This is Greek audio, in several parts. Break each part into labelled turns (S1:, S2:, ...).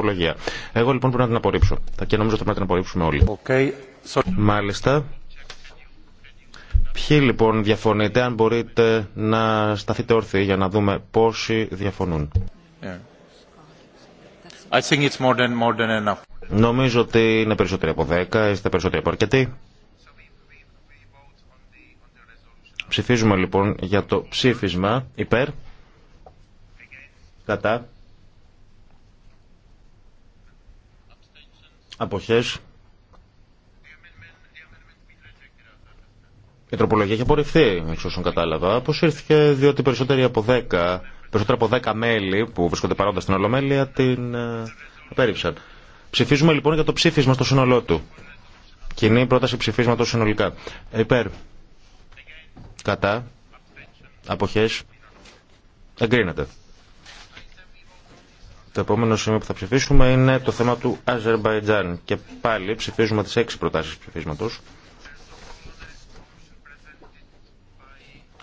S1: τροπολογία. Εγώ λοιπόν πρέπει να την απορρίψω. Και νομίζω ότι πρέπει να την απορρίψουμε όλοι. Okay. Μάλιστα. Ποιοι λοιπόν διαφωνείτε, αν μπορείτε να σταθείτε όρθιοι για να δούμε πόσοι διαφωνούν. I think it's more than, more than enough. Νομίζω ότι είναι περισσότεροι από 10, είστε περισσότεροι από αρκετοί. Ψηφίζουμε λοιπόν για το ψήφισμα υπέρ, κατά, Αποχές. Η τροπολογία έχει απορριφθεί, εξ όσων κατάλαβα. Αποσύρθηκε διότι περισσότεροι από 10, περισσότερα από 10 μέλη που βρίσκονται παρόντα στην Ολομέλεια την ε, απέρριψαν. Ψηφίζουμε λοιπόν για το ψήφισμα στο σύνολό του. Κοινή πρόταση ψηφίσματο συνολικά. Υπέρ. Κατά. Αποχές. Εγκρίνεται. Το επόμενο σημείο που θα ψηφίσουμε είναι το θέμα του Αζερμπαϊτζάν. Και πάλι ψηφίζουμε τις έξι προτάσεις ψηφίσματος.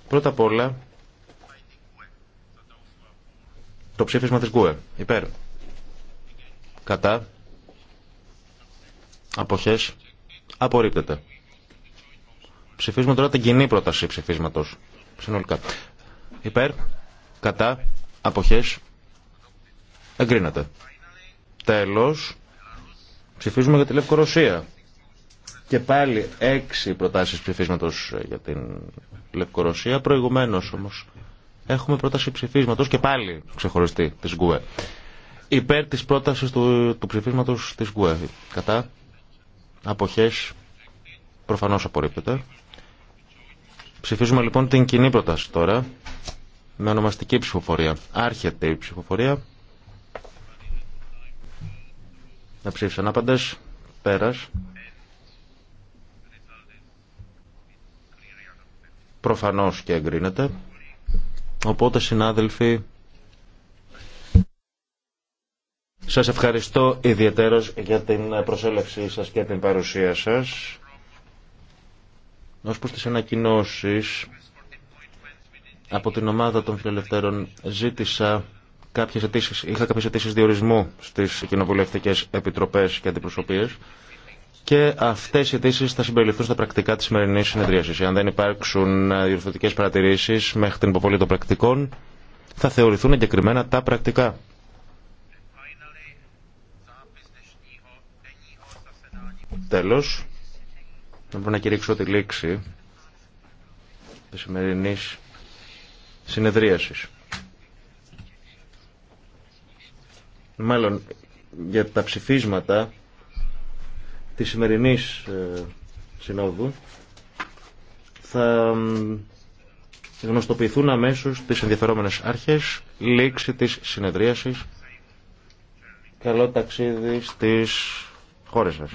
S1: Πρώτα απ' όλα, το ψήφισμα της ΓΚΟΕ. Υπέρ. Κατά. Αποχές. Απορρίπτεται. Ψηφίζουμε τώρα την κοινή πρόταση ψηφίσματος. Συνολικά. Υπέρ. Κατά. Αποχές. Εγκρίνεται. Τέλος, ψηφίζουμε για τη Λευκορωσία. Και πάλι έξι προτάσεις ψηφίσματος για την Λευκορωσία. Προηγουμένως όμως έχουμε πρόταση ψηφίσματος και πάλι ξεχωριστή της ΓΚΟΕ. Υπέρ της πρότασης του, του ψηφίσματος της ΓΚΟΕ. Κατά αποχές προφανώς απορρίπτεται. Ψηφίζουμε λοιπόν την κοινή πρόταση τώρα με ονομαστική ψηφοφορία. Άρχεται η ψηφοφορία. να ψήφισαν άπαντες. Πέρας. Προφανώς και εγκρίνεται. Οπότε συνάδελφοι, σας ευχαριστώ ιδιαίτερος για την προσέλευσή σας και την παρουσία σας. Ως προς τις ανακοινώσεις, από την ομάδα των φιλελευθέρων ζήτησα κάποιες είχα κάποιες αιτήσει διορισμού στις κοινοβουλευτικές επιτροπές και αντιπροσωπείες και αυτές οι αιτήσει θα συμπεριληφθούν στα πρακτικά της σημερινής συνεδρίασης. Αν δεν υπάρξουν διορθωτικές παρατηρήσεις μέχρι την υποβολή των πρακτικών, θα θεωρηθούν εγκεκριμένα τα πρακτικά. Τέλος, να να κηρύξω τη λήξη της σημερινής συνεδρίασης. μάλλον για τα ψηφίσματα της σημερινής ε, συνόδου θα γνωστοποιηθούν αμέσως τις ενδιαφερόμενες άρχες λήξη της συνεδρίασης καλό ταξίδι στις χώρες σας.